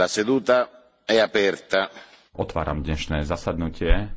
La seduta è aperta. Otváram dnešné zasadnutie.